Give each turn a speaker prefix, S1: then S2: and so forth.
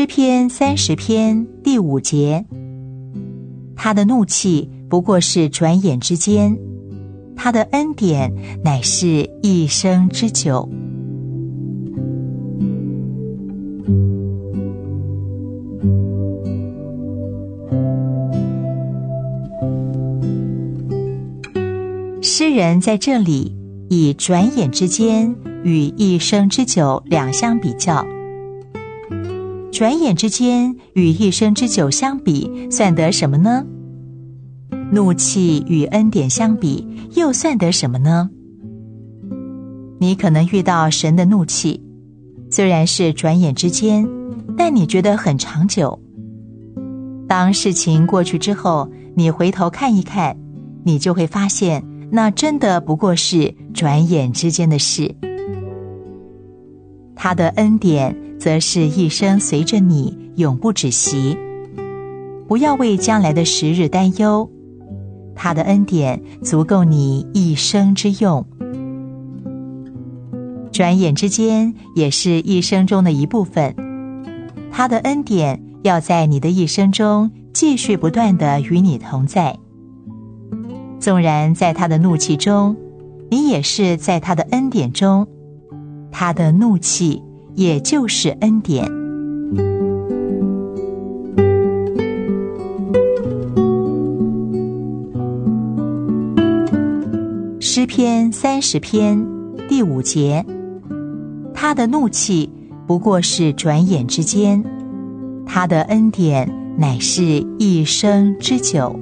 S1: 詩篇三十篇第五節，他的怒氣不過是轉眼之間，他的恩典乃是一生之久。詩人在這裡以轉眼之間與一生之久兩相比較。轉眼之間，與一生之久相比，算得什麼呢？怒氣與恩典相比，又算得什麼呢？你可能遇到神的怒氣，雖然是轉眼之間，但你覺得很長久。當事情過去之後，你回頭看一看，你就會發現，那真的不過是轉眼之間的事。他的恩典則是一生隨着你永不止息。不要為將來的時日擔憂，他的恩典足夠你一生之用。轉眼之間也是一生中的一部分，他的恩典要在你的一生中繼續不斷的與你同在。縱然在他的怒氣中，你也是在他的恩典中。他的怒氣也就是恩典，《詩篇》三十篇第五節。他的怒氣不過是轉眼之間，他的恩典乃是一生之久。